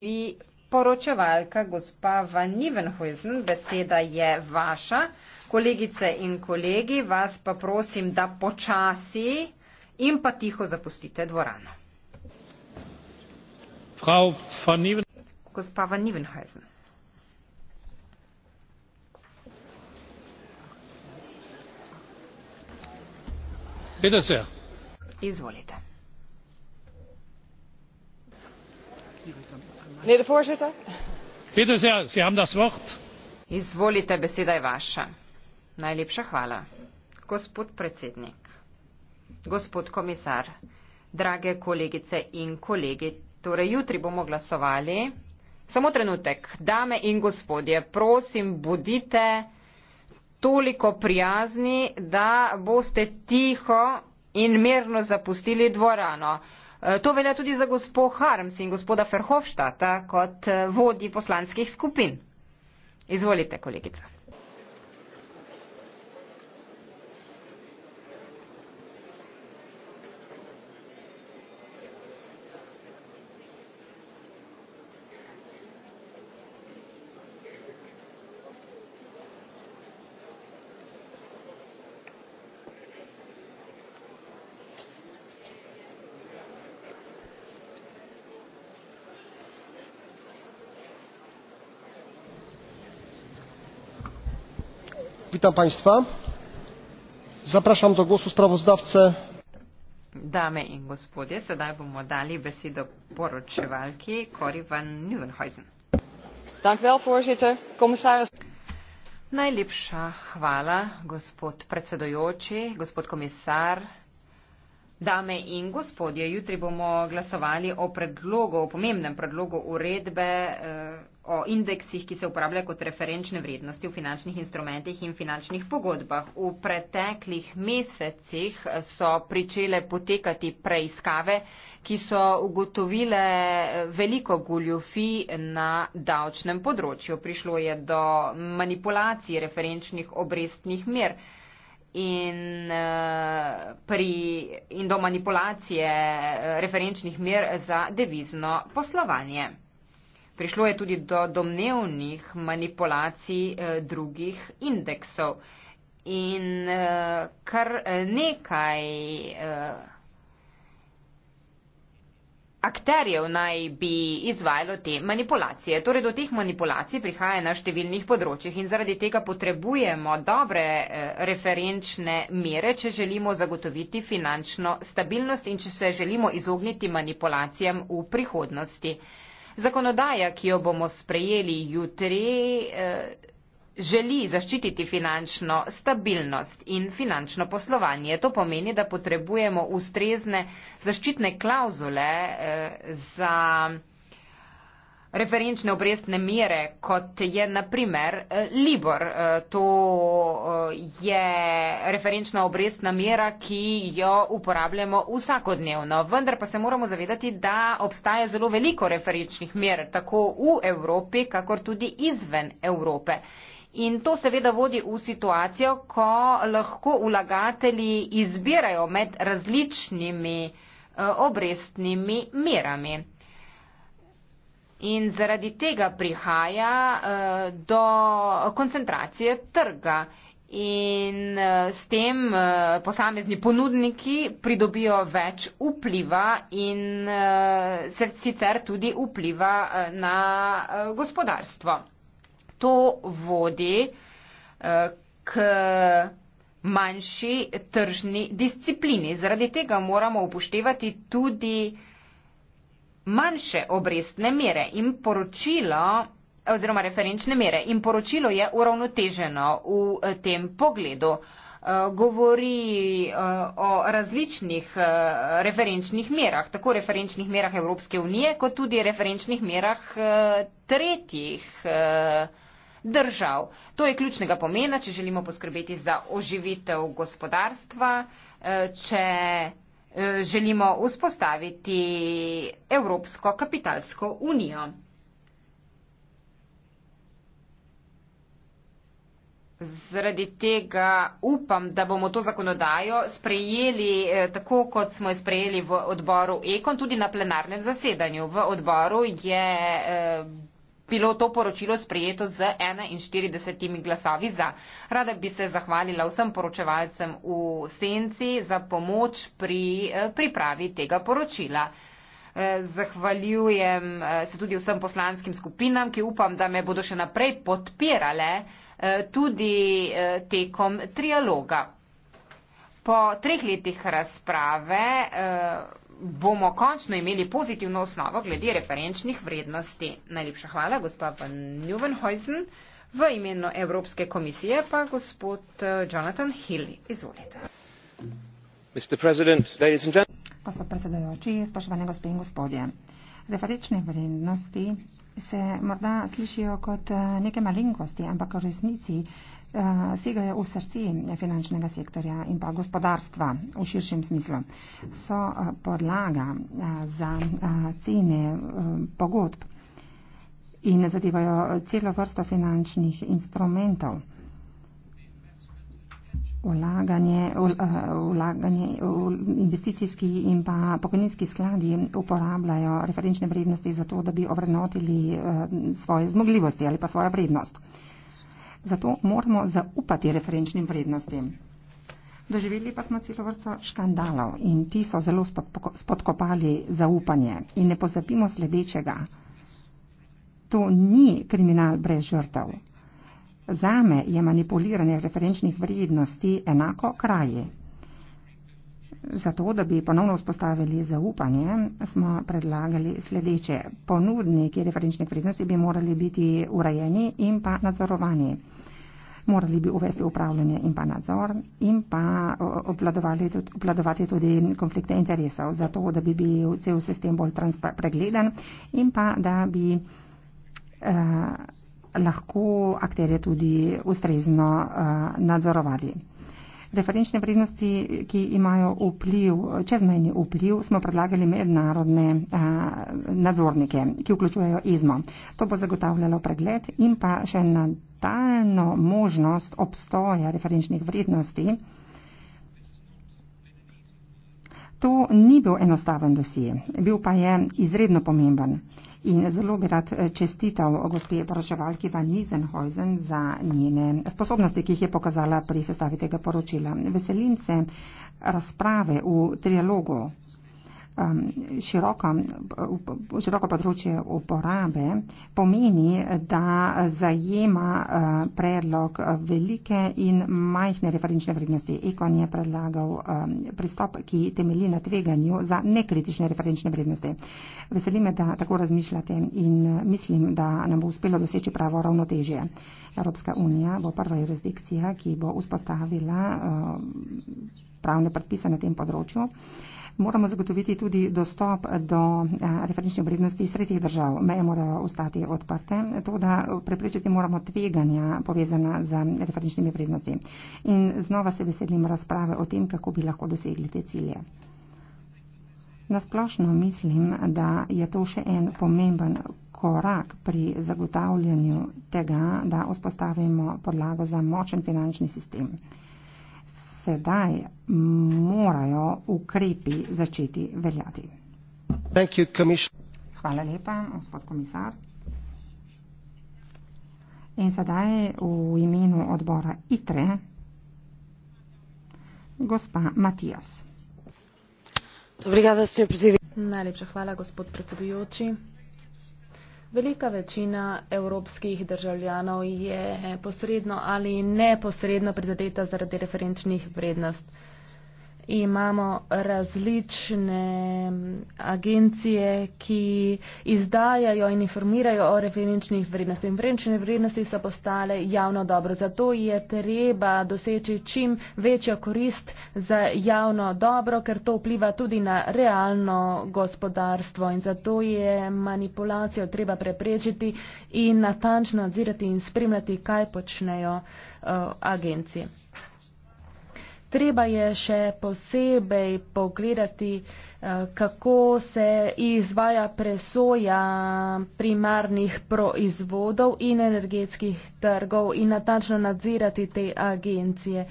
Vi poročevalka, gospa Van Nivenhuizen, beseda je vaša. Kolegice in kolegi, vas pa prosim, da počasi in pa tiho zapustite dvorano. Frau van Nieven... Gospa Van Nivenhuizen. Bitte sehr. Izvolite. Direkt am Ja, izvolite beseda je vaša najlepša hvala gospod predsednik gospod komisar drage kolegice in kolegi torej jutri bomo glasovali samo trenutek dame in gospodje prosim bodite toliko prijazni da boste tiho in mirno zapustili dvorano Eh, to velja tudi za gospo Harms in gospoda Ferhofštata kot eh, vodji poslanskih skupin. Izvolite, kolegica. witam państwa zapraszam do głosu sprawozdawcę Dame in gospodje, sedaj bomo dali besedo poročevalki Cori van Nieuwenhuizen. Dank wel, voorzitter, commissaris. Najlepša hvala, gospod predsedujoči, gospod komisar, Dame in gospodje, jutri bomo glasovali o predlogu, o pomembnem predlogu uredbe eh, o indeksih, ki se uporabljajo kot referenčne vrednosti v finančnih instrumentih in finančnih pogodbah. V preteklih mesecih eh, so pričele potekati preiskave, ki so ugotovile eh, veliko guljufi na davčnem področju. Prišlo je do manipulacij referenčnih obrestnih mer in, eh, pri, in do manipulacije eh, referenčnih mer za devizno poslovanje. Prišlo je tudi do domnevnih manipulacij eh, drugih indeksov in kar nekaj akterjev naj bi izvajalo te manipulacije. Torej, do teh manipulacij prihaja na številnih področjih in zaradi tega potrebujemo dobre eh, referenčne mere, če želimo zagotoviti finančno stabilnost in če se želimo izogniti manipulacijam v prihodnosti. Zakonodaja, ki jo bomo sprejeli jutri, eh, želi zaščititi finančno stabilnost in finančno poslovanje. To pomeni, da potrebujemo ustrezne zaščitne klauzule eh, za referenčne obrestne mere, kot je naprimer eh, Libor. Eh, to je referenčna obrestna mera, ki jo uporabljamo vsakodnevno. Vendar pa se moramo zavedati, da obstaja zelo veliko referenčnih mer, tako v Evropi, kakor tudi izven Evrope. In to seveda vodi v situacijo, ko lahko vlagatelji izbirajo med različnimi eh, obrestnimi merami. In zaradi tega prihaja eh, do koncentracije trga in eh, s tem posamezni ponudniki pridobijo več vpliva in se sicer tudi vpliva na gospodarstvo to vodi eh, k manjši tržni disciplini. Zaradi tega moramo upoštevati tudi manjše obrestne mere in poročilo oziroma referenčne mere in poročilo je uravnoteženo v eh, tem pogledu. Eh, govori o različnih referenčnih merah, tako referenčnih merah Evropske unije, kot tudi referenčnih merah tretjih držav. To je ključnega pomena, če želimo poskrbeti za oživitev gospodarstva, eh, če eh, želimo vzpostaviti Evropsko kapitalsko unijo. Zaradi tega upam, da bomo to zakonodajo sprejeli eh, tako, kot smo jo sprejeli v odboru Ekon, tudi na plenarnem zasedanju. V odboru je bilo to poročilo sprejeto z 41 glasovi za. Rada bi se zahvalila vsem poročevalcem v senci za pomoč pri eh, pripravi tega poročila. Eh, zahvaljujem eh, se tudi vsem poslanskim skupinam, ki upam, da me bodo še naprej podpirale tudi tekom trialoga. Po treh letih razprave bomo končno imeli pozitivno osnovo glede referenčnih vrednosti. Najlepša hvala, gospa Van Nieuwenhuizen. V imenu Evropske komisije pa gospod eh, Jonathan Hill. Izvolite. Gospod predsedajoči, spoštovane gospe in gospodje. Referenčne vrednosti se morda slišijo kot eh, neke malenkosti, ampak v resnici Eh, segajo v srce finančnega sektorja in pa gospodarstva v širšem smislu. So eh, podlaga eh, za cene pogodb in zadevajo celo vrsto finančnih instrumentov. Ulaganje, ulaganje, investicijski in pa pokojninski skladi uporabljajo referenčne vrednosti za to, da bi ovrednotili svoje zmogljivosti ali pa svojo vrednost zato moramo zaupati referenčnim vrednostim. Doživeli pa smo celo vrsto škandalov in ti so zelo spodkopali zaupanje. In ne pozabimo sledečega. To ni kriminal brez žrtev. Zame je manipuliranje referenčnih vrednosti enako kraji. Zato, da bi ponovno vzpostavili zaupanje, smo predlagali sledeče. Ponudniki referenčnih vrednosti bi morali biti urejeni in pa nadzorovani morali bi uvesti upravljanje in pa nadzor in pa obladovati tudi konflikte interesov, zato da bi bil cel sistem bolj pregleden in pa da bi eh, lahko akterje tudi ustrezno eh, nadzorovali. Eh, referenčne vrednosti, ki imajo vpliv, čezmejni vpliv, smo predlagali mednarodne a, nadzornike, ki vključujejo izmo. To bo zagotavljalo pregled in pa še nadaljno možnost obstoja referenčnih vrednosti. To ni bil enostaven dosje, bil pa je izredno pomemben. In zelo bi rad eh, čestital eh, gospe poročevalki Van Nizenhojzen za njene sposobnosti, ki jih je pokazala pri sestavi tega poročila. Veselim se razprave v trialogu um, široko, um, široko področje uporabe, pomeni, da zajema uh, predlog velike in majhne referenčne vrednosti. Ekon je predlagal um, pristop, ki temelji na tveganju za nekritične referenčne vrednosti. Veseli me, da tako razmišljate in uh, mislim, da nam bo uspelo doseči pravo ravnotežje. Evropska unija bo prva jurisdikcija, ki bo vzpostavila uh, pravne predpise na tem področju. Uh, moramo zagotoviti tudi dostop do eh, referenčnih vrednosti iz tretjih držav. Meje morajo ostati odprte, to da preprečiti moramo tveganja povezana z referenčnimi vrednosti. In znova se veselim razprave o tem, kako bi lahko dosegli te cilje. Nasplošno mislim, da je to še en pomemben korak pri zagotavljanju tega, da vzpostavimo podlago za močen finančni sistem. Sedaj ukrepi začeti veljati. You, Hvala lepa, gospod komisar. In sedaj v imenu odbora ITRE, gospa Matijas. Najlepša hvala, gospod predsedujoči. Velika večina evropskih državljanov je posredno ali neposredno prizadeta zaradi referenčnih vrednosti imamo različne agencije, ki izdajajo in informirajo o referenčnih vrednostih. Referenčne vrednosti so postale javno dobro. Zato je treba doseči čim večjo korist za javno dobro, ker to vpliva tudi na realno gospodarstvo. In zato je manipulacijo treba preprečiti in natančno nadzirati in spremljati, kaj počnejo uh, agencije. Treba je še posebej pogledati, eh, kako se izvaja presoja primarnih proizvodov in energetskih trgov in natančno nadzirati te agencije.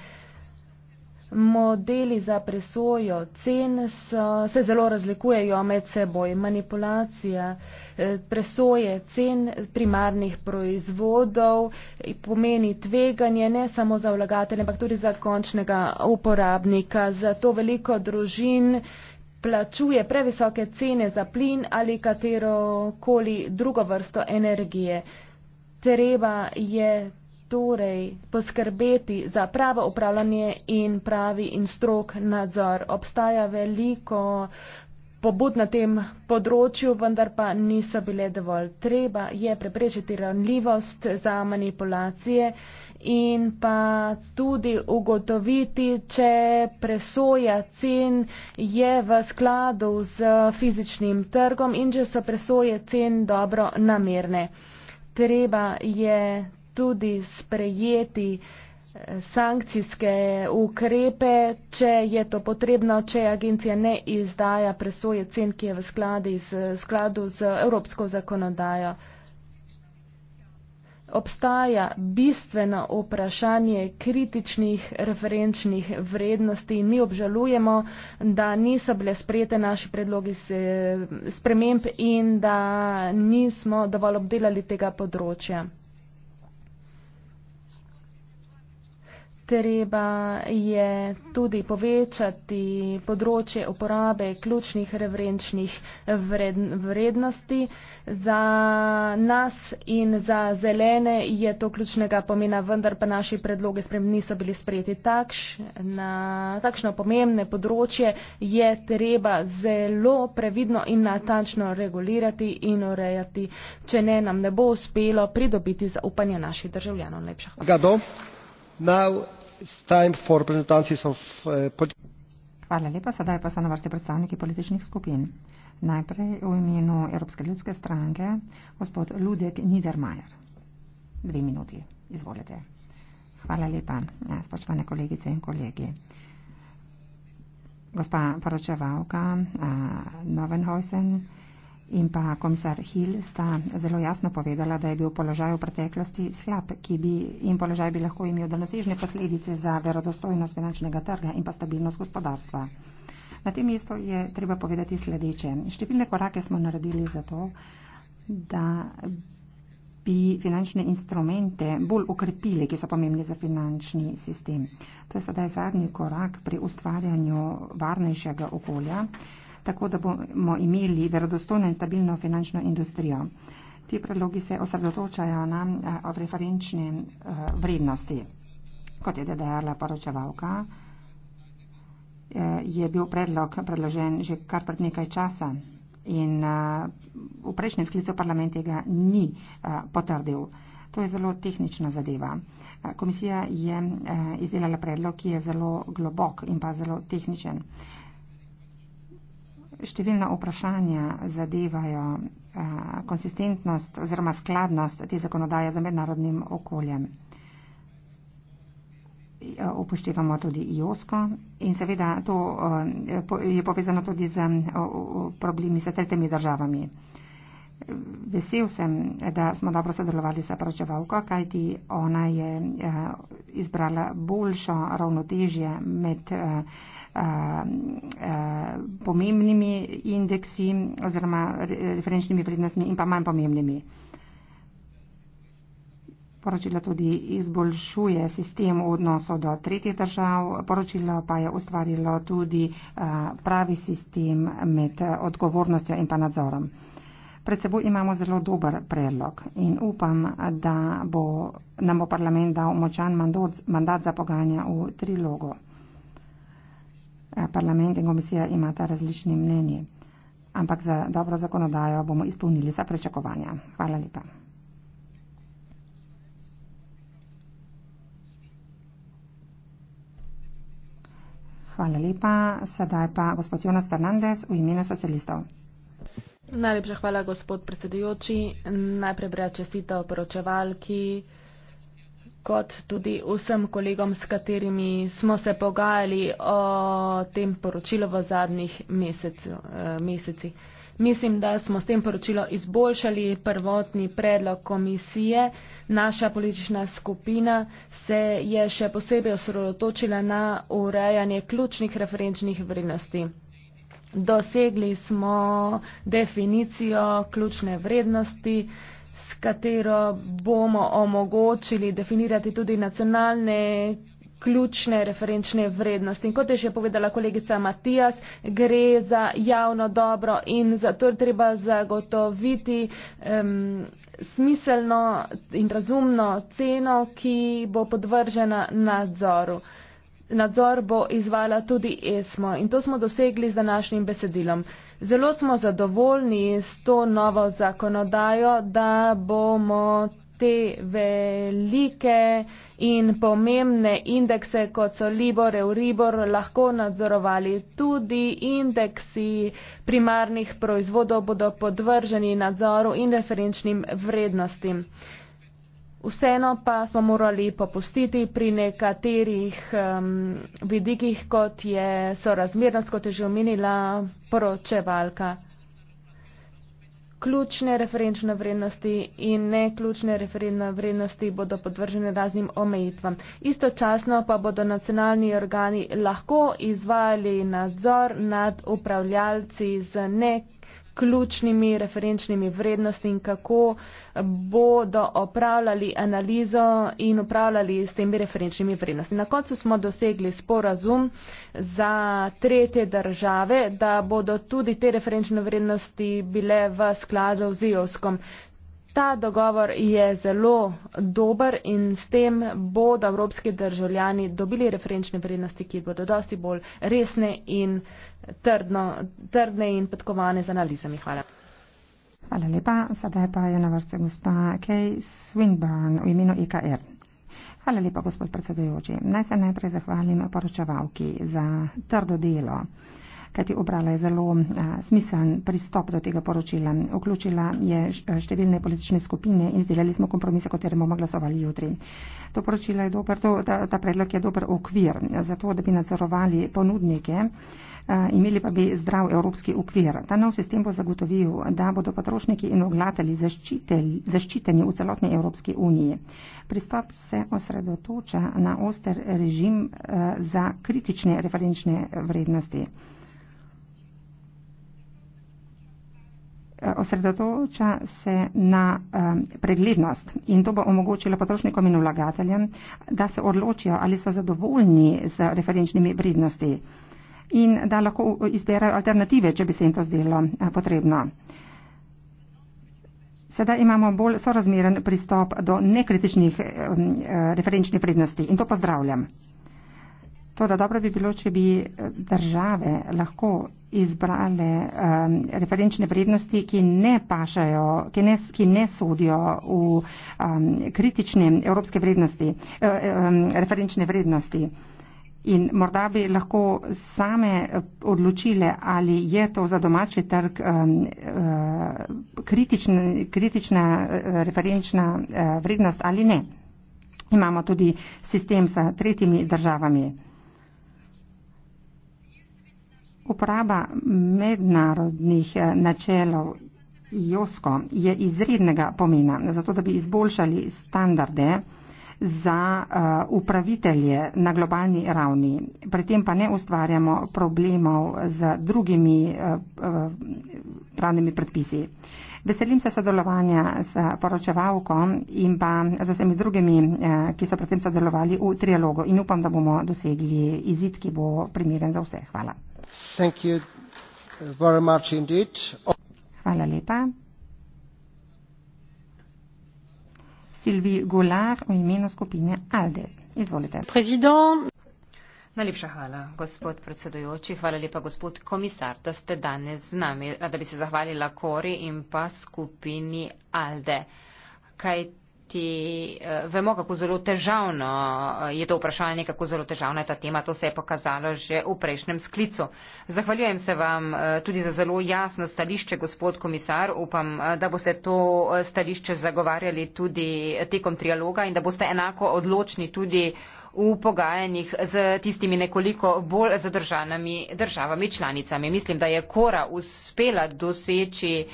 Modeli za presojo cen so, se zelo razlikujejo med seboj. Manipulacija eh, presoje cen primarnih proizvodov pomeni tveganje ne samo za vlagatelje, ampak tudi za končnega uporabnika. Zato veliko družin plačuje previsoke cene za plin ali katero koli drugo vrsto energije. Treba je torej poskrbeti za pravo upravljanje in pravi in strok nadzor. Obstaja veliko pobud na tem področju, vendar pa niso bile dovolj. Treba je preprečiti ranljivost za manipulacije in pa tudi ugotoviti, če presoja cen je v skladu z fizičnim trgom in če so presoje cen dobro namerne. Treba je tudi sprejeti eh, sankcijske ukrepe, če je to potrebno, če agencija ne izdaja presoje cen, ki je v z, skladu z evropsko zakonodajo. Obstaja bistveno vprašanje kritičnih referenčnih vrednosti in mi obžalujemo, da niso bile sprejete naši predlogi eh, sprememb in da nismo dovolj obdelali tega področja. Treba je tudi povečati področje uporabe ključnih referenčnih vrednosti. Za nas in za zelene je to ključnega pomena, vendar pa naši predloge sprem niso bili sprejeti. Takš, na takšno pomembne področje je treba zelo previdno in natančno regulirati in urejati, če ne nam ne bo uspelo pridobiti zaupanje naših državljanov. Najlepša hvala. Gado. Now, Eh, Hvala lepa, sedaj pa so na vrsti predstavniki političnih skupin. Najprej v imenu Evropske ljudske stranke gospod Ludek Niedermayer. Dve minuti, izvolite. Hvala lepa, ja, spoštovane kolegice in kolegi. Gospa poročevalka eh, Novenhausen in pa komisar Hill sta zelo jasno povedala, da je bil položaj v preteklosti slab bi, in položaj bi lahko imel daljnosežne posledice za verodostojnost finančnega trga in pa stabilnost gospodarstva. Na tem mestu je treba povedati sledeče. Številne korake smo naredili za to, da bi finančne instrumente bolj ukrepili, ki so pomembni za finančni sistem. To je sedaj zadnji korak pri ustvarjanju varnejšega okolja tako da bomo imeli verodostojno in stabilno finančno industrijo. Ti predlogi se osredotočajo na eh, referenčne eh, vrednosti. Kot je dejala poročevalka, eh, je bil predlog predložen že kar pred nekaj časa in v prejšnjem sklicu parlament tega ni potrdil. To je zelo tehnična zadeva. Komisija je izdelala predlog, ki je zelo globok in pa zelo tehničen številna vprašanja zadevajo eh, konsistentnost oziroma skladnost te zakonodaje za mednarodnim okoljem. Eh, upoštevamo tudi IOSKO in seveda to eh, je povezano tudi z problemi s tretjimi državami vesel sem, da smo dobro sodelovali s pročevalko, kajti ona je eh, izbrala boljšo ravnotežje med eh, eh, pomembnimi indeksi oziroma referenčnimi vrednostmi in pa manj pomembnimi. Poročilo tudi izboljšuje sistem v odnosu do tretjih držav, poročilo pa je ustvarilo tudi pravi sistem med odgovornostjo in pa nadzorom. Pred seboj imamo zelo dober predlog in upam, da bo, nam bo parlament dal močan mandat, mandat za poganja v trilogu. Eh, parlament in komisija imata različni mnenji, ampak za dobro zakonodajo bomo izpolnili za prečakovanja. Hvala lepa. Hvala lepa. Sedaj pa gospod Jonas Fernandez v imenu socialistov. Najlepša hvala, gospod predsedujoči. Najprej breja čestitev poročevalki, kot tudi vsem kolegom, s katerimi smo se pogajali o tem poročilu v zadnjih eh, mesecih. Mislim, da smo s tem poročilo izboljšali prvotni predlog komisije. Naša politična skupina se je še posebej osredotočila na urejanje ključnih referenčnih vrednosti. Dosegli smo definicijo ključne vrednosti, s katero bomo omogočili definirati tudi nacionalne ključne referenčne vrednosti. In kot je še povedala kolegica Matijas, gre za javno dobro in zato je treba zagotoviti um, smiselno in razumno ceno, ki bo podvržena nadzoru nadzor bo izvala tudi ESMO in to smo dosegli z današnjim besedilom. Zelo smo zadovoljni s to novo zakonodajo, da bomo te velike in pomembne indekse, kot so Libor, Euribor, lahko nadzorovali. Tudi indeksi primarnih proizvodov bodo podvrženi nadzoru in referenčnim vrednostim. Vseeno pa smo morali popustiti pri nekaterih um, vidikih, kot je sorazmernost, kot je že omenila poročevalka. Ključne referenčne vrednosti in neključne referenčne vrednosti bodo podvržene raznim omejitvam. Istočasno pa bodo nacionalni organi lahko izvajali nadzor nad upravljalci z neključnimi ključnimi referenčnimi vrednostmi in kako bodo opravljali analizo in upravljali s temi referenčnimi vrednostmi. Na koncu smo dosegli sporazum za tretje države, da bodo tudi te referenčne vrednosti bile v skladu z EOSKOM. Ta dogovor je zelo dober in s tem bodo evropski državljani dobili referenčne vrednosti, ki bodo dosti bolj resne in uh, trdno, trdne in podkovane z analizami. Hvala. Hvala lepa. Sedaj pa je na vrste gospa Kay Swinburne v imenu IKR. Hvala lepa, gospod predsedujoči. Naj se najprej zahvalim poročevalki za trdo delo, kajti obrala je zelo eh, smiseln pristop do tega poročila. Vključila je eh, številne politične skupine in izdelali smo kompromise, katerim bomo glasovali jutri. To poročilo je dober, to, ta, ta predlog je dober okvir za to, da bi nadzorovali ponudnike Eh, imeli pa bi zdrav evropski ukvir. Ta nov sistem bo zagotovil, da bodo potrošniki in oglatelji zaščiteni v celotni Evropski uniji. Pristop se osredotoča na oster režim eh, za kritične referenčne vrednosti. Eh, osredotoča se na preglednost in to bo omogočilo potrošnikom in vlagateljem, da se odločijo ali so zadovoljni z referenčnimi vrednostmi in da lahko izberajo alternative, če bi se jim to zdelo eh, potrebno. Sedaj imamo bolj sorazmeren pristop do nekritičnih eh, eh, referenčnih prednosti in to pozdravljam. Toda dobro bi bilo, če bi države lahko izbrale um, referenčne vrednosti, ki ne pašajo, ki ne, ki ne sodijo v um, kritične evropske vrednosti, uh, um, referenčne vrednosti. Uh, in morda bi lahko same eh, odločile, ali je to za domači trg um, uh, kritičn, kritična uh, referenčna uh, vrednost ali ne. Imamo tudi sistem sa tretjimi državami. Uporaba mednarodnih načelov JOSKO je izrednega pomena, zato da bi izboljšali standarde za eh, upravitelje na globalni ravni. Pri tem pa ne ustvarjamo problemov z drugimi eh, eh, pravnimi predpisi. Veselim se sodelovanja s poročevalko in pa z vsemi drugimi, ki so predtem sodelovali v trialogu in upam, da bomo dosegli izid, ki bo primeren za vse. Hvala. Hvala lepa. Sylvie Goulard v imenu skupine ALDE. Izvolite. Prezident. Najlepša hvala, gospod predsedujoči. Hvala lepa, gospod komisar, da ste danes z nami. Rada bi se zahvalila Kori in pa skupini ALDE. Kaj Ti, eh, vemo, kako zelo težavno eh, je to vprašanje, kako zelo težavna je ta tema. To se je pokazalo že v prejšnjem sklicu. Zahvaljujem se vam eh, tudi za zelo jasno stališče, gospod komisar. Upam, da boste to stališče zagovarjali tudi tekom trialoga in da boste enako odločni tudi v pogajanjih z tistimi nekoliko bolj zadržanimi državami članicami. Mislim, da je Kora uspela doseči.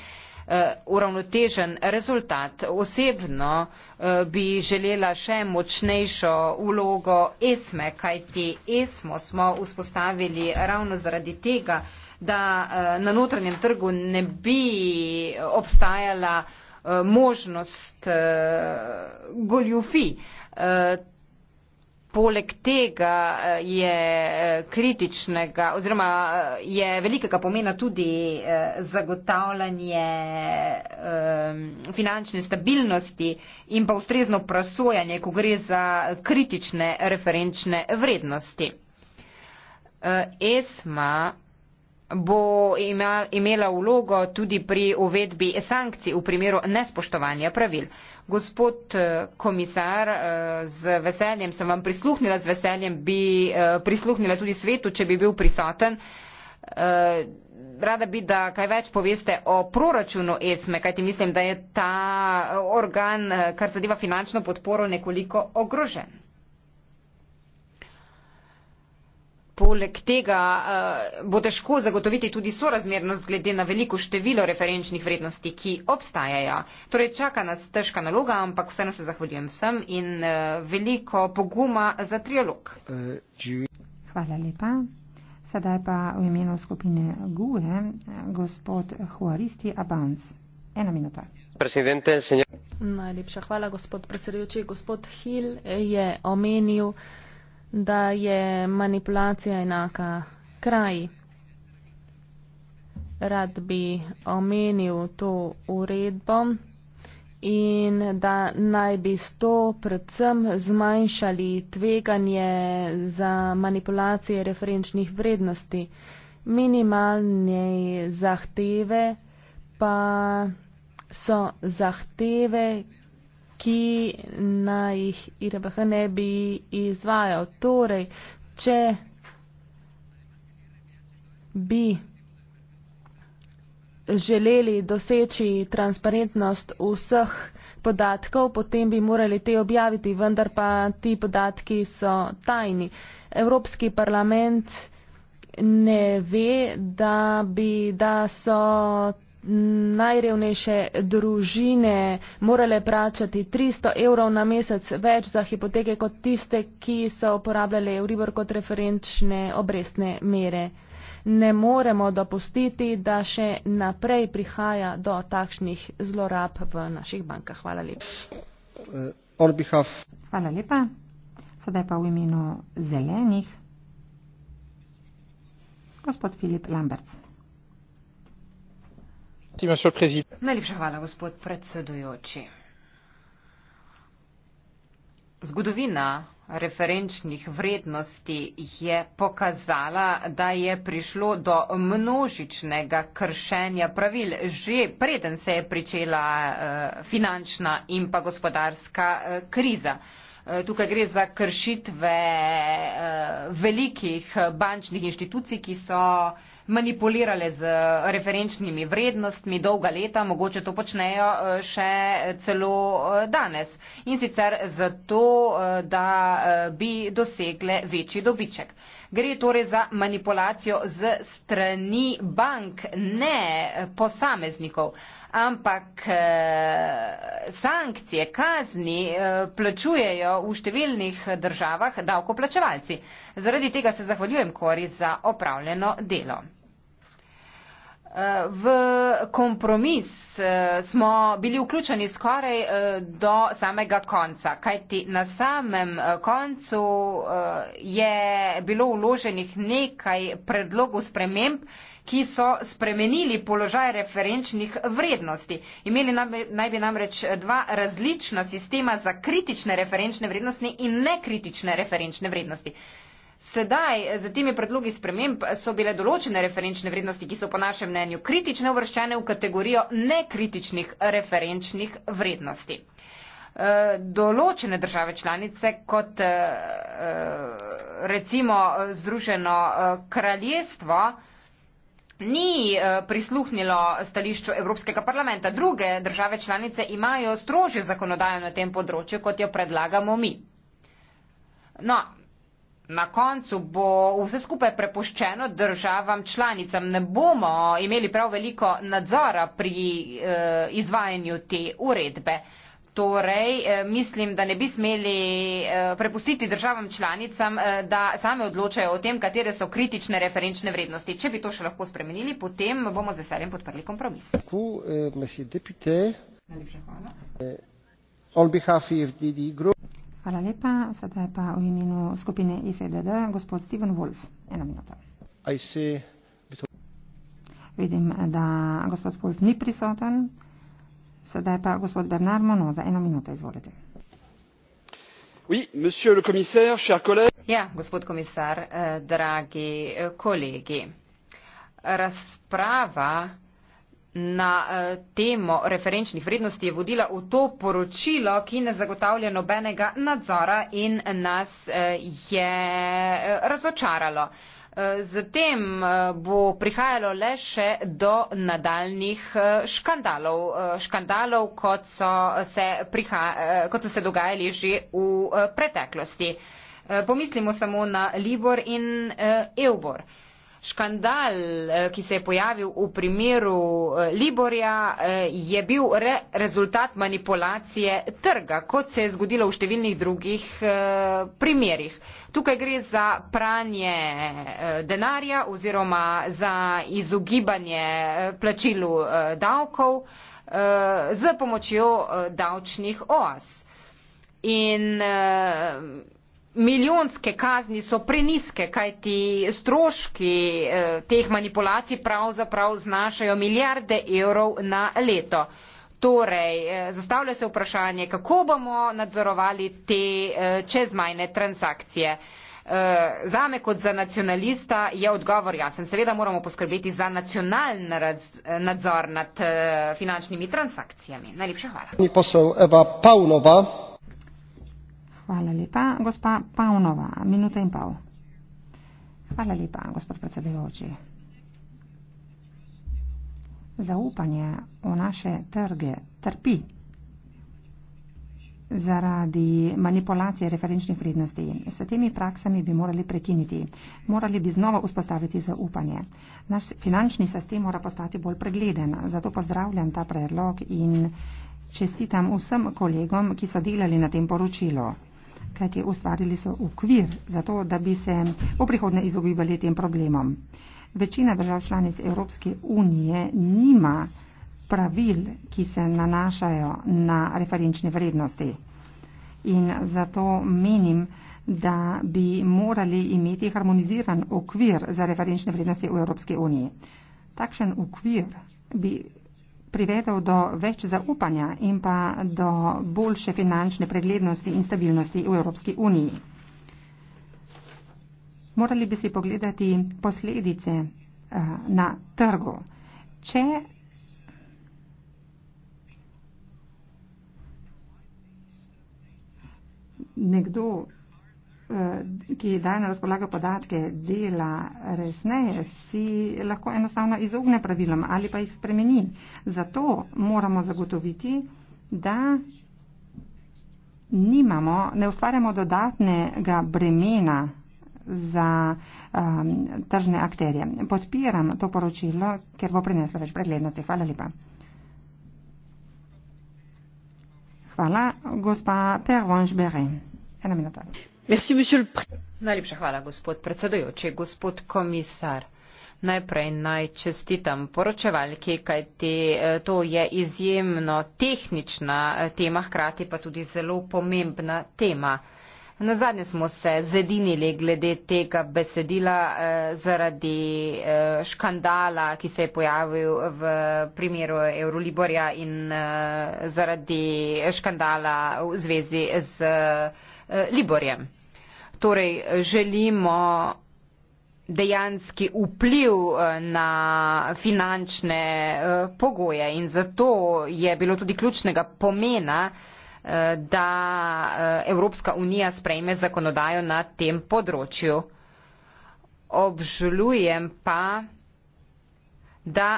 Eh, uravnotežen rezultat osebno eh, bi želela še močnejšo vlogo ESME, kajti ESMO smo vzpostavili ravno zaradi tega, da eh, na notranjem trgu ne bi obstajala možnost goljufi. Poleg tega eh, je eh, kritičnega oziroma eh, je velikega pomena tudi zagotavljanje ehm, finančne stabilnosti in pa ustrezno prasojanje, ko gre za kritične referenčne vrednosti. ESMA bo imela vlogo tudi pri uvedbi sankcij v primeru nespoštovanja pravil. Gospod eh, komisar, eh, z veseljem sem vam prisluhnila, z veseljem bi eh, prisluhnila tudi svetu, če bi bil prisoten. Rada bi, da kaj več poveste o proračunu ESME, kajti mislim, da je ta organ, kar zadeva finančno podporo, nekoliko ogrožen. Poleg tega uh, bo težko zagotoviti tudi sorazmernost glede na veliko število referenčnih vrednosti, ki obstajajo. Torej čaka nas težka naloga, ampak vseeno se zahvaljujem vsem in uh, veliko poguma za trialog. Hvala lepa. Sedaj pa v imenu skupine GUE eh, gospod Huaristi Abans. Ena minuta. Najlepša hvala, gospod predsedujoči. Gospod Hill je omenil da je manipulacija enaka kraji. Rad bi omenil to uredbo in da naj bi s to predvsem zmanjšali tveganje za manipulacije referenčnih vrednosti. Minimalne zahteve pa so zahteve, ki naj jih IRBH ne bi izvajal. Torej, če bi želeli doseči transparentnost vseh podatkov, potem bi morali te objaviti, vendar pa ti podatki so tajni. Evropski parlament ne ve, da, bi, da so najrevnejše družine morale plačati 300 evrov na mesec več za hipoteke kot tiste, ki so uporabljali Euribor kot referenčne obrestne mere. Ne moremo dopustiti, da še naprej prihaja do takšnih zlorab v naših bankah. Hvala lepa. Eh, Hvala lepa. Sedaj pa v imenu zelenih. Gospod Filip Lamberts. Najlepša hvala, gospod predsedujoči. Zgodovina referenčnih vrednosti je pokazala, da je prišlo do množičnega kršenja pravil, že preden se je pričela eh, finančna in pa gospodarska eh, kriza. Eh, tukaj gre za kršitve velikih bančnih inštitucij, ki so manipulirale z eh, referenčnimi vrednostmi dolga leta, mogoče to počnejo eh, še eh, celo danes. In sicer zato, da bi dosegle večji dobiček. Gre torej za manipulacijo z strani bank, ne eh, posameznikov, ampak eh, sankcije, kazni eh, plačujejo v številnih državah davkoplačevalci. Zaradi tega se zahvaljujem Kori za opravljeno delo v kompromis eh, smo bili vključeni skoraj eh, do samega konca, kajti na samem eh, koncu je bilo uloženih nekaj predlogov sprememb, ki so spremenili položaj referenčnih vrednosti. Imeli naj bi namreč dva različna sistema za kritične referenčne vrednosti in nekritične referenčne vrednosti. Sedaj, z temi predlogi sprememb, so bile določene referenčne vrednosti, ki so po našem mnenju kritične, uvrščene v kategorijo nekritičnih referenčnih vrednosti. Eh, določene države članice, kot eh, eh, recimo Združeno kraljestvo, ni prisluhnilo stališču Evropskega parlamenta. Druge države članice imajo strožjo zakonodajo na tem področju, kot jo predlagamo mi. No, Na koncu bo vse skupaj prepuščeno državam članicam. Ne bomo imeli prav veliko nadzora pri eh, izvajanju te uredbe. Torej, eh, mislim, da ne bi smeli eh, prepustiti državam članicam, eh, da same odločajo o tem, katere so kritične referenčne vrednosti. Če bi to še lahko spremenili, potem bomo z veseljem podprli kompromis. Tako, eh, Najlepša hvala. Eh, on behalf of DD e Group. Hvala lepa. Sada je pa v imenu skupine IFDD gospod Steven Wolf. Ena minuta. Vidim, da gospod Wolf ni prisoten. Sada je pa gospod Bernard Mono za eno minuto. Izvolite. Oui, monsieur le commissaire, cher collègue. Ja, gospod komisar, eh, dragi eh, kolegi. Razprava na eh, temo referenčnih vrednosti je vodila v to poročilo, ki ne zagotavlja nobenega nadzora in nas eh, je eh, razočaralo. Zatem bo prihajalo le še do nadaljnih škandalov, škandalov, kot so se, priha, kot so se dogajali že v preteklosti. Pomislimo samo na Libor in Eubor škandal, eh, ki se je pojavil v primeru eh, Liborja, eh, je bil re rezultat manipulacije trga, kot se je zgodilo v številnih drugih primerjih. Tukaj gre za pranje denarja oziroma za izogibanje plačilu davkov z pomočjo davčnih oas. In milijonske kazni so preniske, kajti stroški eh, teh manipulacij pravzaprav znašajo milijarde evrov na leto. Torej, eh, zastavlja se vprašanje, kako bomo nadzorovali te eh, čezmajne transakcije. Zame kot za nacionalista je odgovor jasen. Seveda moramo poskrbeti za nacionalni nadzor nad finančnimi transakcijami. Najlepša hvala. Hvala lepa. Gospa Pavnova, minuta in pol. Hvala lepa, gospod predsedujoči. Zaupanje v naše trge trpi zaradi manipulacije referenčnih vrednosti. S temi praksami bi morali prekiniti. Morali bi znova vzpostaviti zaupanje. Naš finančni sistem mora postati bolj pregleden. Zato pozdravljam ta predlog in čestitam vsem kolegom, ki so delali na tem poročilu kajti ustvarili so ukvir za to, da bi se v prihodne izogibali tem problemom. Večina držav članic Evropske unije nima pravil, ki se nanašajo na referenčne vrednosti. In zato menim, da bi morali imeti harmoniziran okvir za referenčne vrednosti v Evropske uniji. Takšen okvir bi privedel do več zaupanja in pa do boljše finančne preglednosti in stabilnosti v Evropski uniji. Morali bi si pogledati posledice eh, na trgu. Če nekdo Eh, ki daje na razpolago podatke, dela resneje, si lahko enostavno izogne pravilom ali pa jih spremeni. Zato moramo zagotoviti, da nimamo, ne ustvarjamo dodatnega bremena za um, tržne akterje. Podpiram to poročilo, ker bo prineslo več preglednosti. Hvala lepa. Hvala, gospa Pervonš Bere. Ena minuta najlepša hvala gospod predsedujoči gospod komisar najprej naj čestitam poročevalki kajti eh, to je izjemno tehnična eh, tema hkrati pa tudi zelo pomembna tema Nazadnje smo se zedinili glede tega besedila eh, zaradi škandala, ki se je pojavil v primeru Euroliborja in zaradi škandala v zvezi z Eh, Liborjem. Torej, želimo dejanski vpliv eh, na finančne eh, pogoje in zato je bilo tudi ključnega pomena, da Evropska unija sprejme zakonodajo na tem področju. Obžalujem pa, da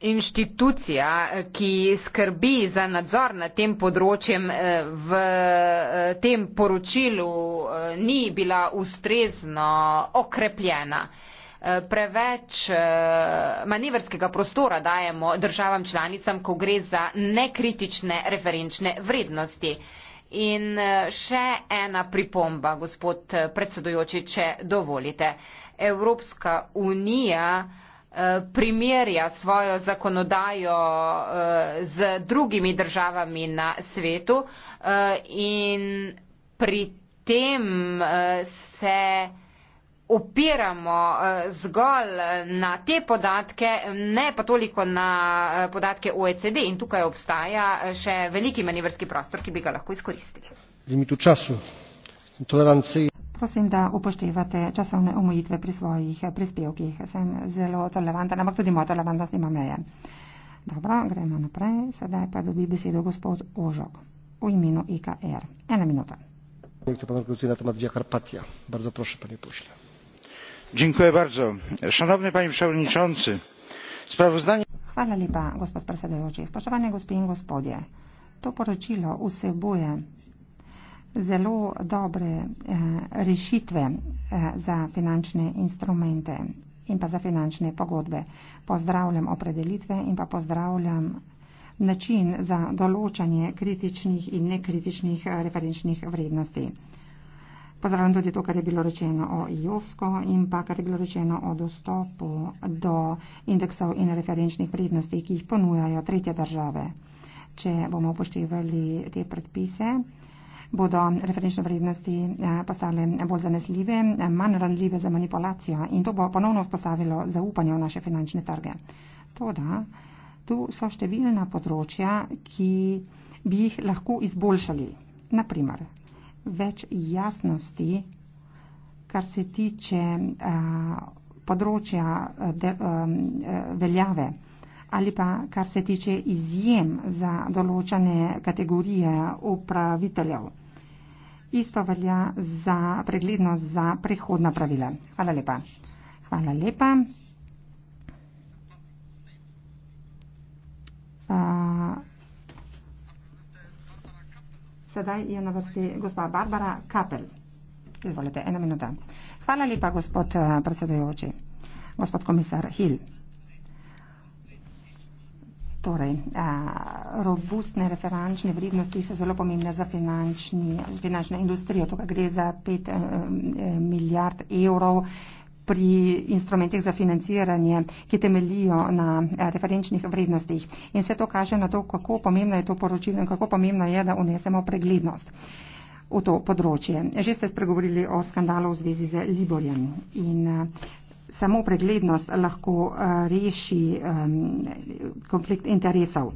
inštitucija, ki skrbi za nadzor nad tem področjem, eh, v eh, tem poročilu eh, ni bila ustrezno okrepljena. Preveč manevrskega prostora dajemo državam članicam, ko gre za nekritične referenčne vrednosti. In še ena pripomba, gospod predsedujoči, če dovolite. Evropska unija Eh, primerja svojo zakonodajo eh, z drugimi državami na svetu eh, in pri tem se upiramo zgolj na te podatke, ne pa toliko na podatke OECD in tukaj obstaja še veliki manevrski prostor, ki bi ga lahko izkoristili. Limitu času. Toleranci prosim, da upoštevate časovne omejitve pri svojih prispevkih. Sem zelo toleranten, ampak tudi moja tolerantnost ima meje. Dobro, gremo naprej. Sedaj pa dobi besedo gospod Ožok v imenu IKR. E Ena minuta. Hvala lepa, gospod predsedujoči. Spoštovane gospe in gospodje, to poročilo vsebuje zelo dobre eh, rešitve eh, za finančne instrumente in pa za finančne pogodbe. Pozdravljam opredelitve in pa pozdravljam način za določanje kritičnih in nekritičnih eh, referenčnih vrednosti. Pozdravljam tudi to, kar je bilo rečeno o IOSKO in pa kar je bilo rečeno o dostopu do indeksov in referenčnih vrednosti, ki jih ponujajo tretje države. Če bomo upoštevali te predpise, bodo referenčne vrednosti eh, postale bolj zanesljive, eh, manj ranljive za manipulacijo in to bo ponovno vzpostavilo zaupanje v naše finančne trge. Toda, tu so številna področja, ki bi jih lahko izboljšali. Naprimer, več jasnosti, kar se tiče a, eh, področja de, a, veljave ali pa kar se tiče izjem za določene kategorije upraviteljev. Isto velja za preglednost za prehodna pravila. Hvala lepa. Hvala lepa. Uh, sedaj je na vrsti gospa Barbara Kapel. Izvolite, ena minuta. Hvala lepa, gospod predsedujoči, gospod komisar Hill. Torej, a, robustne referančne vrednosti so zelo pomembne za finančni, finančno industrijo. Tukaj gre za 5 um, milijard evrov pri instrumentih za financiranje, ki temelijo na referenčnih vrednostih. In vse to kaže na to, kako pomembno je to poročilo in kako pomembno je, da unesemo preglednost v to področje. Že ste spregovorili o skandalu v zvezi z Liborjem. In, a, samo preglednost lahko eh, reši konflikt interesov.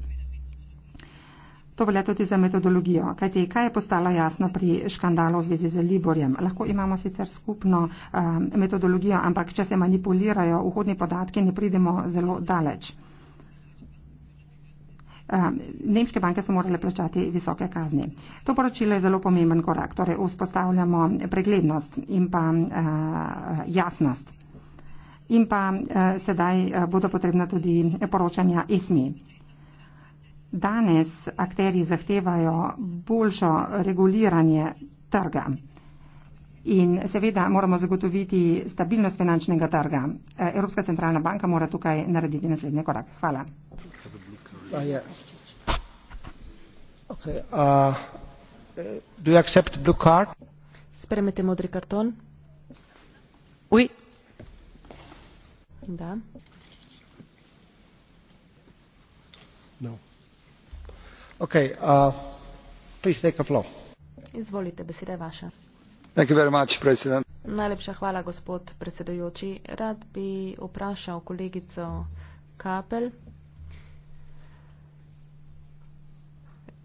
To velja tudi za metodologijo. Kaj, te, kaj je postalo jasno pri škandalu v zvezi z Liborjem? Lahko imamo sicer skupno um, metodologijo, ampak če se manipulirajo vhodni podatki, ne pridemo zelo daleč. Um, nemške banke so morale plačati visoke kazni. To poročilo je zelo pomemben korak. Torej, vzpostavljamo preglednost in pa uh, jasnost in pa eh, sedaj eh, bodo potrebna tudi eh, poročanja ISMI. Danes akteri zahtevajo boljšo reguliranje trga in seveda moramo zagotoviti stabilnost finančnega trga. Evropska centralna banka mora tukaj narediti naslednji korak. Hvala. Sprejmete modri karton? Oui. Da. No. Ok, uh, please take a floor. Izvolite, beseda je vaša. Thank you very much, president. Najlepša hvala, gospod predsedujoči. Rad bi vprašal kolegico Kapel.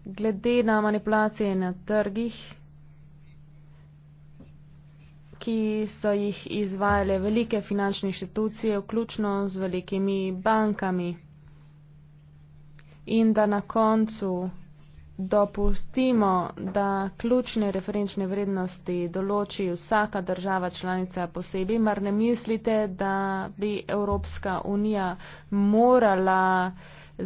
Glede na manipulacije na trgih, ki so jih izvajale velike finančne inštitucije, vključno z velikimi bankami. In da na koncu dopustimo, da ključne referenčne vrednosti določi vsaka država članica posebej, mar ne mislite, da bi Evropska unija morala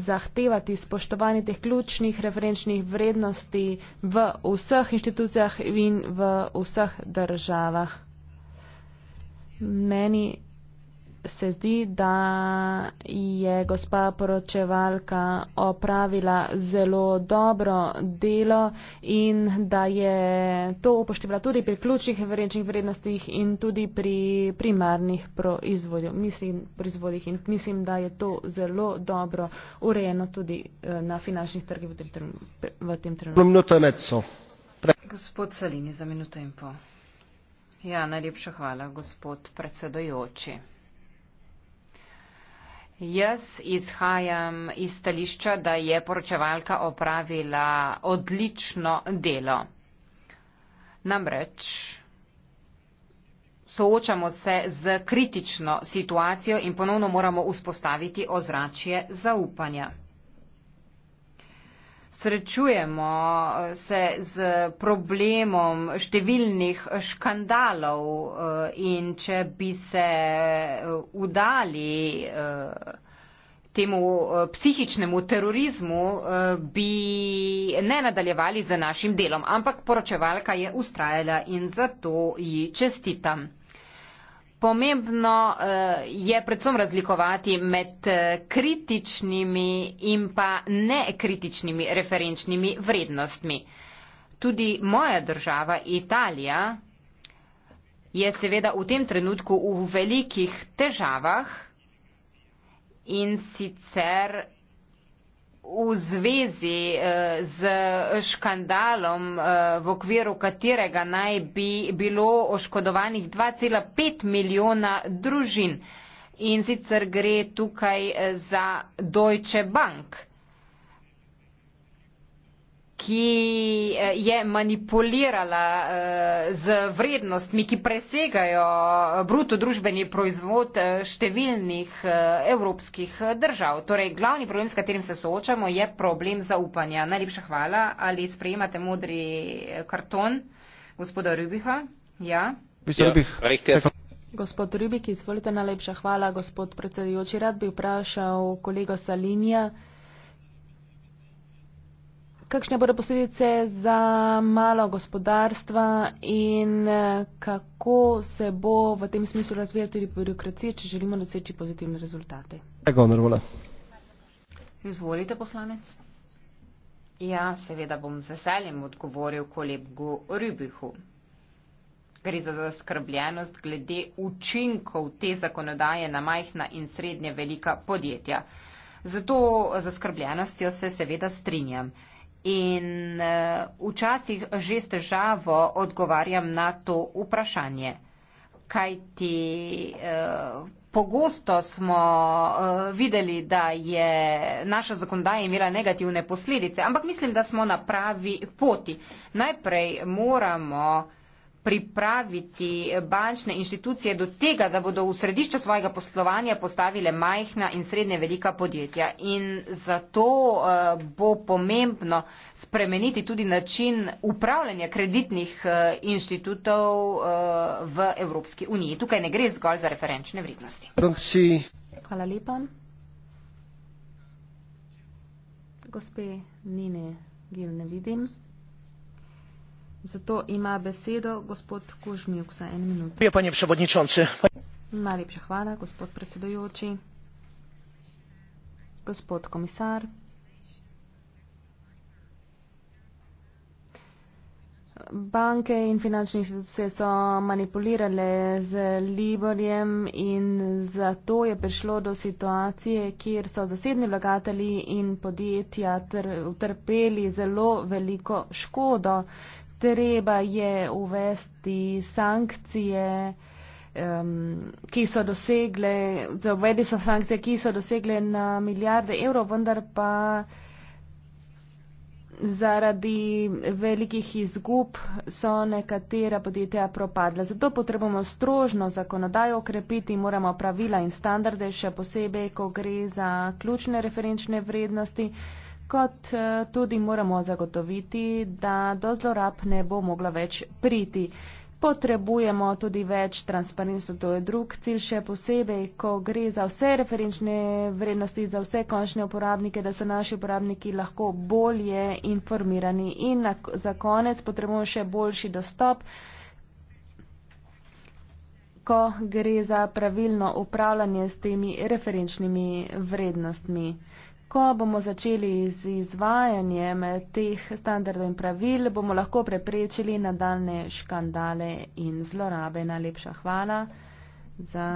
zahtevati spoštovanje teh ključnih referenčnih vrednosti v vseh inštitucijah in v vseh državah meni se zdi, da je gospa poročevalka opravila zelo dobro delo in da je to upoštevala tudi pri ključnih verečnih vrednostih in tudi pri primarnih mislim, proizvodih. In mislim, da je to zelo dobro urejeno tudi eh, na finančnih trgih v tem trenutku. Gospod Salini, za minuto in pol. Ja, najlepša hvala, gospod predsedojoči. Jaz izhajam iz stališča, da je poročevalka opravila odlično delo. Namreč soočamo se z kritično situacijo in ponovno moramo vzpostaviti ozračje zaupanja srečujemo eh, se z problemom številnih škandalov eh, in če bi se eh, udali temu psihičnemu terorizmu, bi ne nadaljevali z našim delom. Ampak poročevalka je ustrajala in zato ji čestitam pomembno eh, je predvsem razlikovati med eh, kritičnimi in pa nekritičnimi referenčnimi vrednostmi. Tudi moja država, Italija, je seveda v tem trenutku v velikih težavah in sicer v zvezi eh, z škandalom, eh, v okviru katerega naj bi bilo oškodovanih 2,5 milijona družin. In sicer gre tukaj eh, za Deutsche Bank ki eh, je manipulirala eh, z vrednostmi, ki presegajo bruto družbeni proizvod eh, številnih evropskih držav. Torej, glavni problem, s katerim se soočamo, je problem zaupanja. Najlepša hvala. Ali sprejemate modri karton gospoda Rubiha? Ja. Gospod ja, Rubik, izvolite, najlepša hvala, gospod predsedujoči. Rad bi vprašal kolego Salinja kakšne bodo posledice za malo gospodarstva in eh, kako se bo v tem smislu razvijati tudi birokracija, če želimo doseči pozitivne rezultate. Izvolite, poslanec. Ja, seveda bom z veseljem odgovoril kolegu Rubihu. Gre za zaskrbljenost glede učinkov te zakonodaje na majhna in srednje velika podjetja. Zato zaskrbljenostjo se seveda strinjam. In eh, včasih že s težavo odgovarjam na to vprašanje, kajti eh, pogosto smo eh, videli, da je naša zakonodaja imela negativne posledice, ampak mislim, da smo na pravi poti. Najprej moramo pripraviti bančne inštitucije do tega, da bodo v središču svojega poslovanja postavile majhna in srednje velika podjetja. In zato eh, bo pomembno spremeniti tudi način upravljanja kreditnih eh, inštitutov eh, v Evropski uniji. Tukaj ne gre zgolj za referenčne vrednosti. Hvala lepa. Gospe Nine, gil ne vidim. Panie przewodniczący. Najlepsza chwała, gospod przewodniczący. Gospod komisar. Banke in finančne institucije so manipulirale z Liborjem in zato je prišlo do situacije, kjer so zasedni vlagatelji in podjetja utrpeli zelo veliko škodo treba je uvesti sankcije, um, ki so dosegle, zavedi so sankcije, ki so dosegle na milijarde evrov, vendar pa zaradi velikih izgub so nekatera podjetja propadla. Zato potrebujemo strožno zakonodajo okrepiti, moramo pravila in standarde, še posebej, ko gre za ključne referenčne vrednosti kot eh, tudi moramo zagotoviti, da do zlorab ne bo mogla več priti. Potrebujemo tudi več transparentnosti, to je drug cilj, še posebej, ko gre za vse referenčne vrednosti, za vse končne uporabnike, da so naši uporabniki lahko bolje informirani. In na, za konec potrebujemo še boljši dostop, ko gre za pravilno upravljanje s temi referenčnimi vrednostmi ko bomo začeli z izvajanjem teh standardov in pravil, bomo lahko preprečili nadaljne škandale in zlorabe. Najlepša hvala za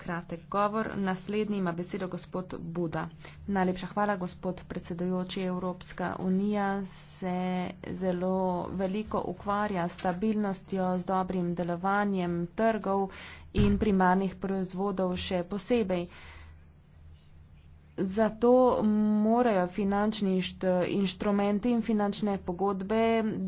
kratek govor. Naslednji ima besedo gospod Buda. Najlepša hvala, gospod predsedujoči. Evropska unija se zelo veliko ukvarja s stabilnostjo, z dobrim delovanjem trgov in primarnih proizvodov še posebej. Zato morajo finančni inštrumenti in finančne pogodbe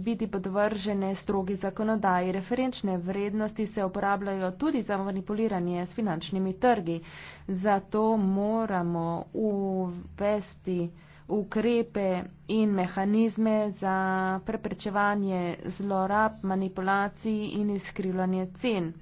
biti podvržene strogi zakonodaji. Referenčne vrednosti se uporabljajo tudi za manipuliranje s finančnimi trgi. Zato moramo uvesti ukrepe in mehanizme za preprečevanje zlorab, manipulacij in izkrivljanje cen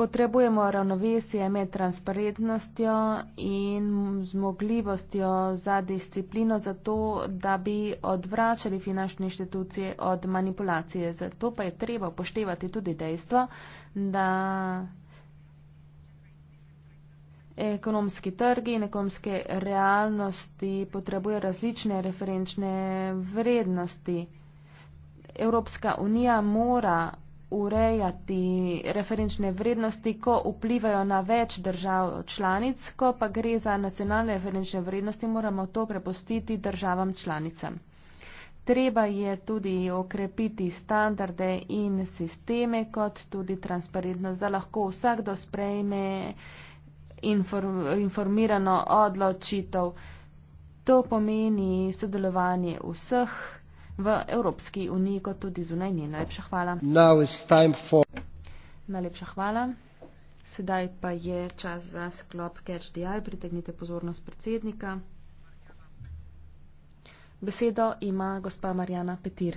potrebujemo ravnovesje med transparentnostjo in zmogljivostjo za disciplino, zato da bi odvračali finančne inštitucije od manipulacije. Zato pa je treba upoštevati tudi dejstvo, da ekonomski trgi in ekonomske realnosti potrebuje različne referenčne vrednosti. Evropska unija mora urejati referenčne vrednosti, ko vplivajo na več držav članic, ko pa gre za nacionalne referenčne vrednosti, moramo to prepustiti državam članicam. Treba je tudi okrepiti standarde in sisteme, kot tudi transparentnost, da lahko vsakdo sprejme inform informirano odločitev. To pomeni sodelovanje vseh v Evropski uniji, kot tudi zunaj nje. Najlepša hvala. For... Najlepša hvala. Sedaj pa je čas za sklop Catch the Eye. Pritegnite pozornost predsednika. Besedo ima gospa Marjana Petir.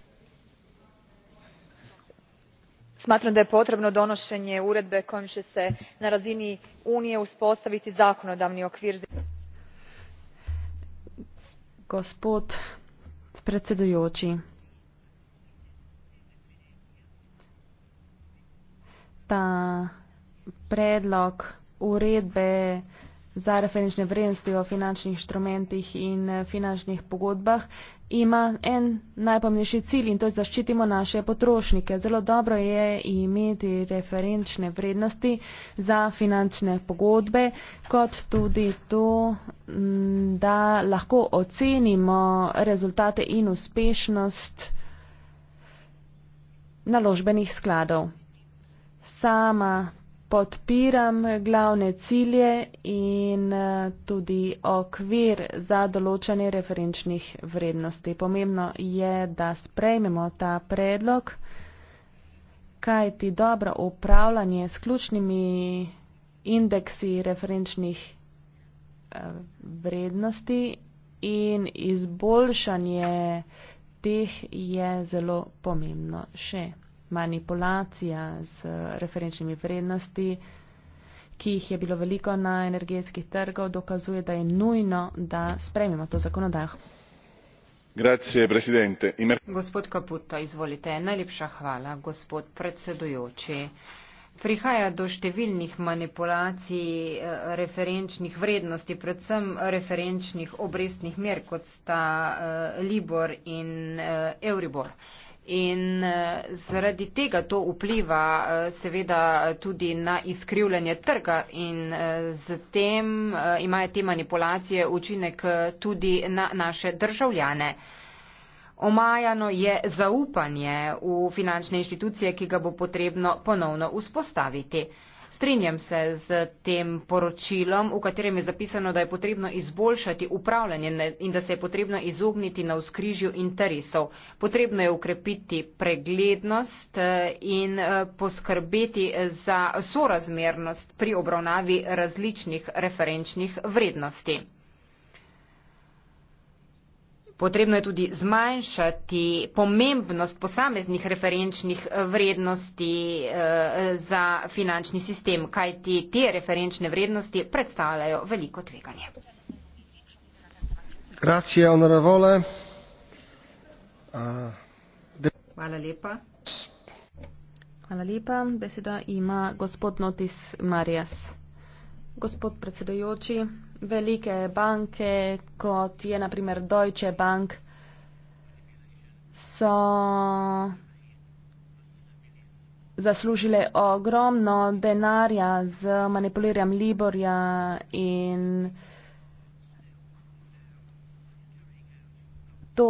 Smatram da je potrebno donošenje uredbe kojom će se na razini Unije uspostaviti zakonodavni okvir. Gospod predsedujoči. Ta predlog uredbe za referenčne vrednosti v finančnih inštrumentih in eh, finančnih pogodbah, ima en najpomnejši cilj in to je zaščitimo naše potrošnike. Zelo dobro je imeti referenčne vrednosti za finančne pogodbe, kot tudi to, da lahko ocenimo rezultate in uspešnost naložbenih skladov. Sama podpiram glavne cilje in eh, tudi okvir za določanje referenčnih vrednosti. Pomembno je, da sprejmemo ta predlog, kaj ti dobro upravljanje s ključnimi indeksi referenčnih eh, vrednosti in izboljšanje teh je zelo pomembno še manipulacija z referenčnimi vrednosti, ki jih je bilo veliko na energetskih trgov, dokazuje, da je nujno, da sprejmemo to zakonodajo. Grazie, presidente. Imer... Gospod Kaputo, izvolite. Najlepša hvala, gospod predsedujoči. Prihaja do številnih manipulacij eh, referenčnih vrednosti, predvsem referenčnih obrestnih mer, kot sta eh, Libor in eh, Euribor. In eh, zaradi tega to vpliva eh, seveda tudi na izkrivljanje trga in z eh, tem imajo te manipulacije učinek tudi na naše državljane. Omajano je zaupanje v finančne inštitucije, ki ga bo potrebno ponovno vzpostaviti. Strinjam se z tem poročilom, v katerem je zapisano, da je potrebno izboljšati upravljanje in da se je potrebno izogniti na vzkrižju interesov. Potrebno je ukrepiti preglednost eh, in eh, poskrbeti eh, za sorazmernost pri obravnavi različnih referenčnih vrednosti. Potrebno je tudi zmanjšati pomembnost posameznih referenčnih eh, vrednosti eh, za finančni sistem, kajti te referenčne vrednosti predstavljajo veliko tveganje. Grazie, onorevole. Uh, de... Hvala lepa. Hvala lepa. Beseda ima gospod Notis Marijas. Gospod predsedojoči, velike banke, kot je naprimer Deutsche Bank, so zaslužile ogromno denarja z manipuliranjem Liborja in to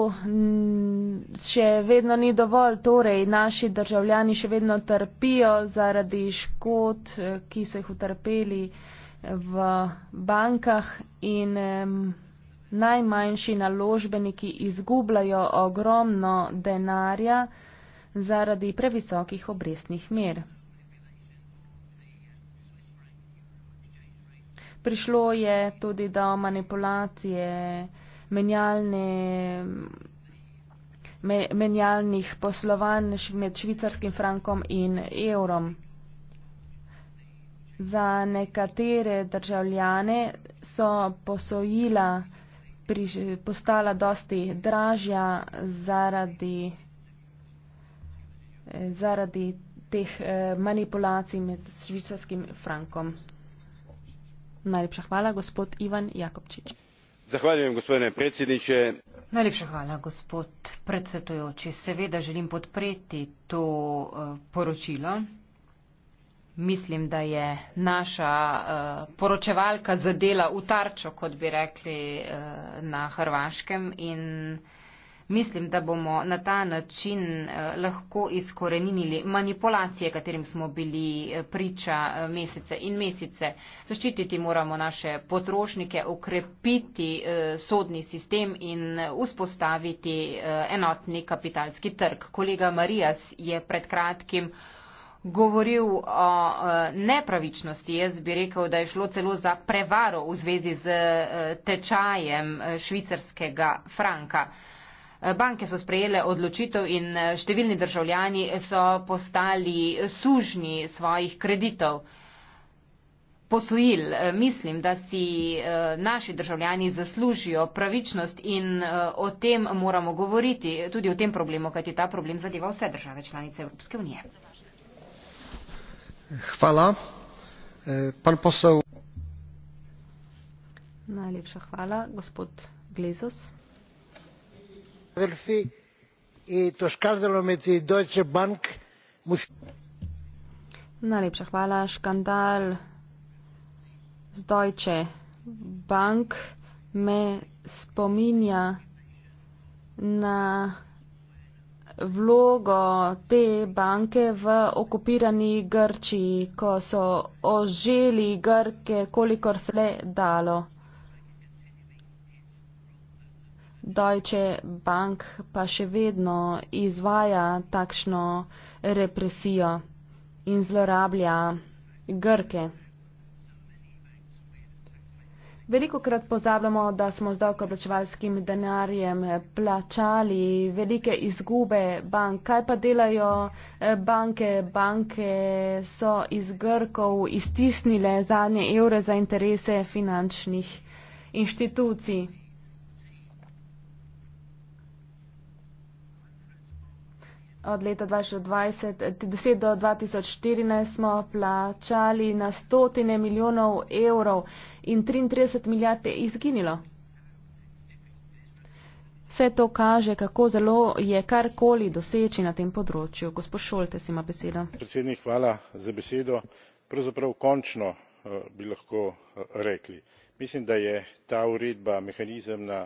še vedno ni dovolj. Torej, naši državljani še vedno trpijo zaradi škod, ki so jih utrpeli v bankah in um, najmanjši naložbeniki izgubljajo ogromno denarja zaradi previsokih obrestnih mer. Prišlo je tudi do manipulacije menjalne, me, menjalnih poslovanj med švicarskim frankom in evrom. Za nekatere državljane so posojila priž, postala dosti dražja zaradi, zaradi teh eh, manipulacij med švicarskim frankom. Najlepša hvala, gospod Ivan Jakobčič. Zahvaljujem, gospodine predsedniče. Najlepša hvala, gospod predsedujoči. Seveda želim podpreti to uh, poročilo mislim, da je naša uh, poročevalka zadela v tarčo, kot bi rekli uh, na Hrvaškem. In mislim, da bomo na ta način uh, lahko izkorenili manipulacije, katerim smo bili priča uh, mesece in mesece. Zaščititi moramo naše potrošnike, ukrepiti uh, sodni sistem in vzpostaviti uh, enotni kapitalski trg. Kolega Marijas je pred kratkim govoril o nepravičnosti. Jaz bi rekel, da je šlo celo za prevaro v zvezi z e, tečajem e, švicarskega franka. E, banke so sprejele odločitev in številni državljani so postali sužni svojih kreditov. Posojil. Mislim, da si naši državljani zaslužijo pravičnost in o tem moramo govoriti, tudi o tem problemu, kajti ta problem zadeva vse države članice Evropske unije. E, Najlepša hvala. Gospod Glezos. Najlepša hvala. Škandal z Deutsche Bank me spominja na vlogo te banke v okupirani Grčiji, ko so oželi Grke, kolikor se le dalo. Deutsche Bank pa še vedno izvaja takšno represijo in zlorablja Grke. Veliko krat pozabljamo, da smo z davkoplačevalskim denarjem plačali velike izgube bank. Kaj pa delajo eh, banke? Banke so iz Grkov iztisnile zadnje evre za interese finančnih inštitucij. od leta 2020 do 2014 smo plačali na stotine milijonov evrov in 33 milijarde izginilo. Vse to kaže, kako zelo je karkoli doseči na tem področju. Gospod Šolte, ima besedo. Predsednik, hvala za besedo. Pravzaprav končno uh, bi lahko uh, rekli. Mislim, da je ta uredba mehanizem na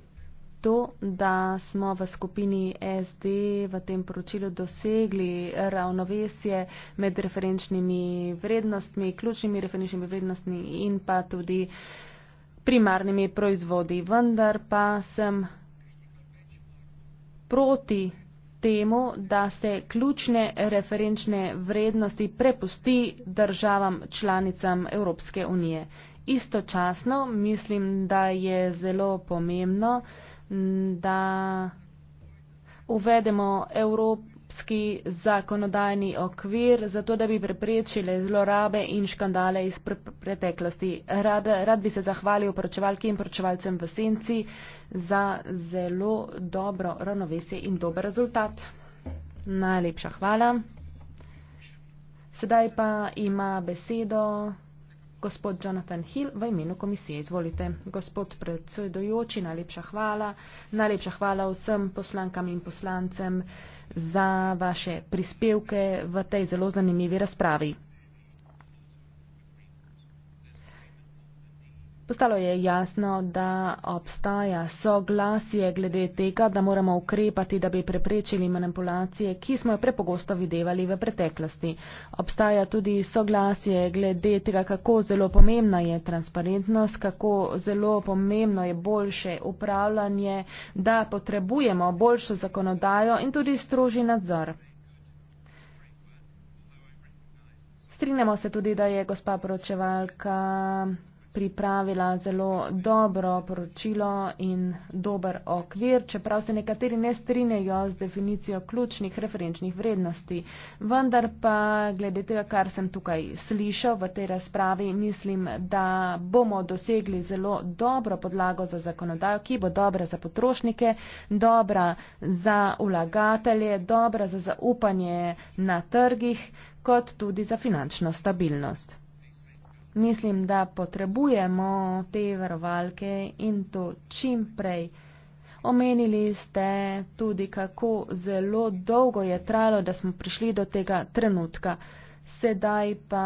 to, da smo v skupini SD v tem poročilu dosegli ravnovesje med referenčnimi vrednostmi, ključnimi referenčnimi vrednostmi in pa tudi primarnimi proizvodi. Vendar pa sem proti temu, da se ključne referenčne vrednosti prepusti državam članicam Evropske unije. Istočasno mislim, da je zelo pomembno, da uvedemo evropski zakonodajni okvir, zato da bi preprečili zlorabe in škandale iz pre preteklosti. Rad, rad bi se zahvalil poročevalki in poročevalcem v Senci za zelo dobro ravnovesje in dober rezultat. Najlepša hvala. Sedaj pa ima besedo. Gospod Jonathan Hill, v imenu komisije izvolite. Gospod predsedujoči, najlepša hvala. Najlepša hvala vsem poslankam in poslancem za vaše prispevke v tej zelo zanimivi razpravi. Postalo je jasno, da obstaja soglasje glede tega, da moramo ukrepati, da bi preprečili manipulacije, ki smo jo prepogosto videvali v preteklosti. Obstaja tudi soglasje glede tega, kako zelo pomembna je transparentnost, kako zelo pomembno je boljše upravljanje, da potrebujemo boljšo zakonodajo in tudi stroži nadzor. Strinjamo se tudi, da je gospa poročevalka pripravila zelo dobro poročilo in dober okvir, čeprav se nekateri ne strinjajo z definicijo ključnih referenčnih vrednosti. Vendar pa glede tega, kar sem tukaj slišal v tej razpravi, mislim, da bomo dosegli zelo dobro podlago za zakonodajo, ki bo dobra za potrošnike, dobra za vlagatelje, dobra za zaupanje na trgih, kot tudi za finančno stabilnost. Mislim, da potrebujemo te varovalke in to čim prej. Omenili ste tudi, kako zelo dolgo je trajalo, da smo prišli do tega trenutka. Sedaj pa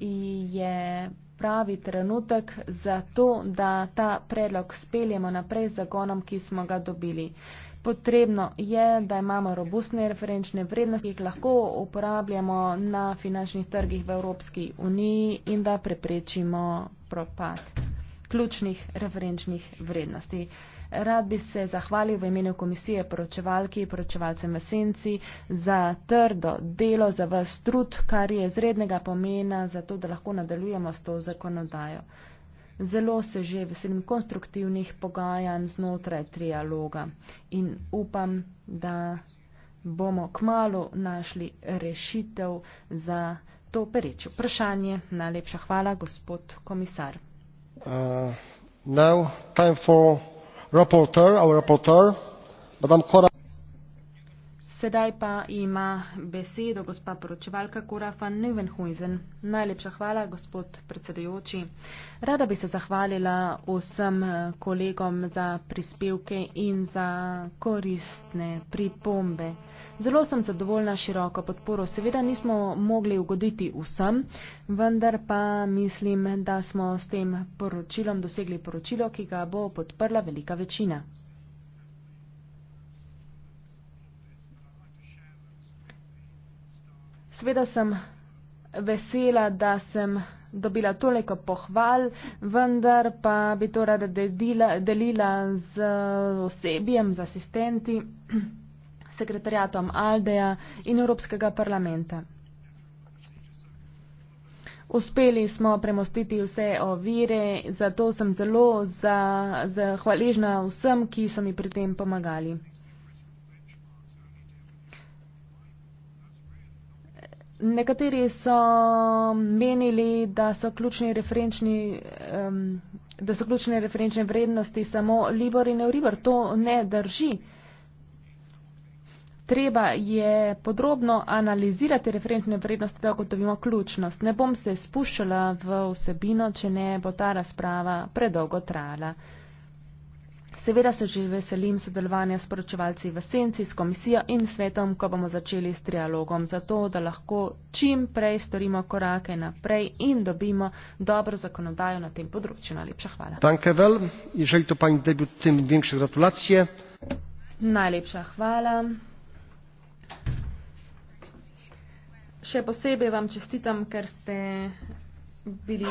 je pravi trenutek za to, da ta predlog speljemo naprej z zagonom, ki smo ga dobili. Potrebno je, da imamo robustne referenčne vrednosti, ki jih lahko uporabljamo na finančnih trgih v Evropski uniji in da preprečimo propad ključnih referenčnih vrednosti. Rad bi se zahvalil v imenu komisije poročevalki, poročevalcem v senci za trdo delo, za vas trud, kar je izrednega pomena, zato da lahko nadaljujemo s to zakonodajo. Zelo se že veselim konstruktivnih pogajanj znotraj trialoga in upam, da bomo kmalo našli rešitev za to pereče vprašanje. Najlepša hvala, gospod komisar. Uh, now, time for reporter, our reporter, Madame Cora. Sedaj pa ima besedo gospa poročevalka Korafan Nevenhuizen. Najlepša hvala, gospod predsedujoči. Rada bi se zahvalila vsem kolegom za prispevke in za koristne pripombe. Zelo sem zadovoljna široko podporo. Seveda nismo mogli ugoditi vsem, vendar pa mislim, da smo s tem poročilom dosegli poročilo, ki ga bo podprla velika večina. Sveda sem vesela, da sem dobila toliko pohval, vendar pa bi to rada delila, delila z osebjem, z asistenti, sekretarjatom Aldeja in Evropskega parlamenta. Uspeli smo premostiti vse ovire, zato sem zelo za, za hvaležna vsem, ki so mi pri tem pomagali. nekateri so menili, da so ključni referenčni. Um, da so ključne referenčne vrednosti samo Libor in Euribor. To ne drži. Treba je podrobno analizirati referenčne vrednosti, da ugotovimo ključnost. Ne bom se spuščala v vsebino, če ne bo ta razprava predolgo trajala. Seveda se že veselim sodelovanja s poročevalci v Senci, s komisijo in svetom, ko bomo začeli s trialogom, zato da lahko čim prej storimo korake naprej in dobimo dobro zakonodajo na tem področju. Najlepša hvala. Najlepša hvala. Še posebej vam čestitam, ker ste bili.